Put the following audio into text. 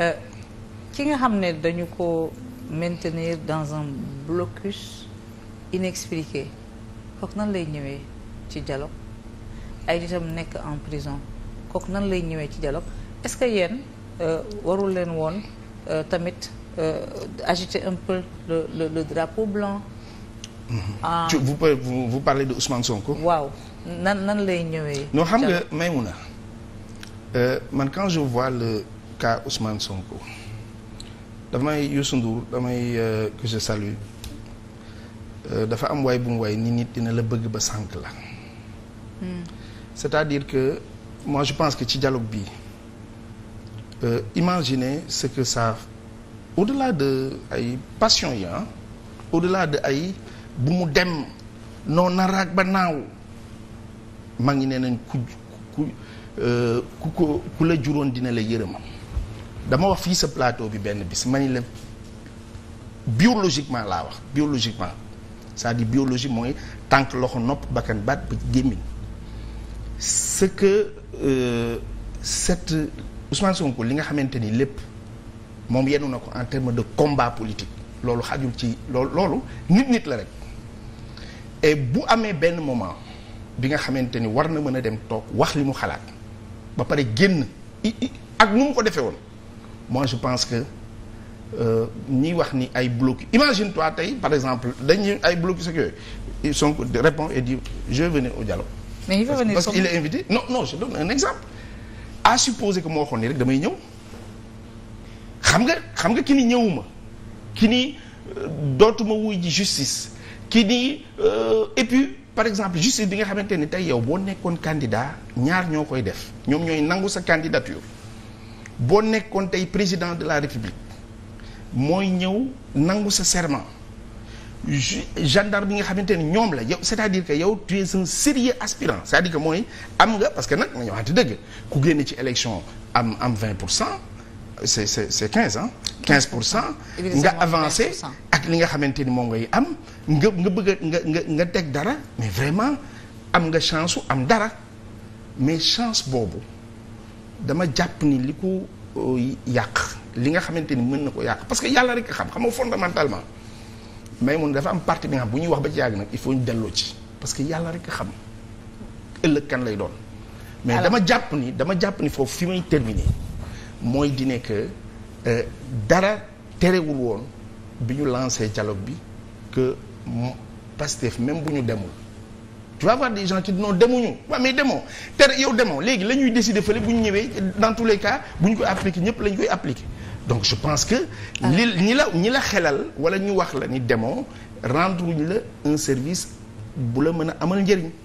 Euh, ki nga xam ne dañu ko maintenir dans un blocus inexpliqué kooku nan lay ñëwee ci dialogue ay nitam nekk en prison kooku nan lay ñëwee ci dialogue est-ce que yéen euh, warul leen woon euh, tamit agiter un peu le le, le drapeau blanc. Mm-hmm. ah mm -hmm. vous, vous vous de Ousmane Sonko. waaw nan nan lay ñëwee. non xam nga Maïmouna man quand je vois cas Ousmane Sonko damay Youssou Ndour damay euh, que je salue euh, dafa am waay bu mu waay ni nit dina la bëgg ba sànk la hmm. c'est-à-dire que moi je pense que ci dialogue bi imagine euh, imaginez ce que ça au-delà de ay passion yi ah au-delà de ay bu mu dem noo naraag ba naaw maa ngi nee nañ ku ku ku ko ku la juróon dina la yërëm dama wax fii sa plateau bi benn bi ma ni la biologiquement laa wax biologiquement c'est-à-dire biologie mooy tànk loxo nopp bakkan baat ba gémmiñ ce que euh, cette li nga xamante ni lépp moom yenu na ko en terme de combat politique loolu xajul ci loolu loolu nit nit la rek et bu amee benn moment bi nga xamante ni war na mën a dem toog wax li mu xalaat ba pare génn i ak nu mu ko defee woon mois je pense que ñiy euh, wax ni ay bloc imagine toi tey par exemple dañuy ay bloc ce que ils sont répond et dit je venais au dialogue. mais il veut venir parce qu'il est invité non non je donne un exemple. à supposer que moo waxoon ni rek damay ñëw xam nga xam nga ki ni ñëwuma ki ni euh, dootuma wuy ji justice ki ni euh, et puis par exemple justice bi nga xamante ni tey yow boo nekkoon candidat ñaar ñoo koy def ñoom ñooy nangu sa candidature. boo nekkoon tey président de la république mooy ñëw nangu sa serment gendarme bi nga xamante ne ñoom la yow c'est-à-dire que yow tu es un sérieux aspirant c'est-à-dire que mooy am nga parce que nag nañu waxante dëgg ku génn ci élection am am 20 pour cent c'est c'est c'est 15 ah. 15 pour cent nga avancé ak li nga xamante ni moom ngay am nga nga bëgg nga nga nga teg dara mais vraiment am nga chance su am dara mais chance boobu. dama jàpp ni li ko euh, yàq li nga xamante ni mën na ko yàq parce que yàlla rek xam xam nga fondamentalement may mun dafa am partie bi nga xam bu ñuy wax ba ci yàgg nag il faut ñu delloo ci parce que yàlla rek xam ëllëg kan lay doon mais dama jàpp ni dama jàpp ni foofu fi may terminer mooy di ne que euh, dara terewul woon bi ñu lancé dialogue bi que Pastef même bu ñu demul tu vas voir des gens qui non demuñu waaw mais demo te yow demoo léegi la ñuy décider fële bu ñu ñëwee dans tous les cas bu ñu koy appliquer ñëpp lañu koy appliquer donc je pense que. li ah. ñi la ñi la xelal wala ñu wax la ni demoo rendre ñu la un service bu la mën a amal njëriñ.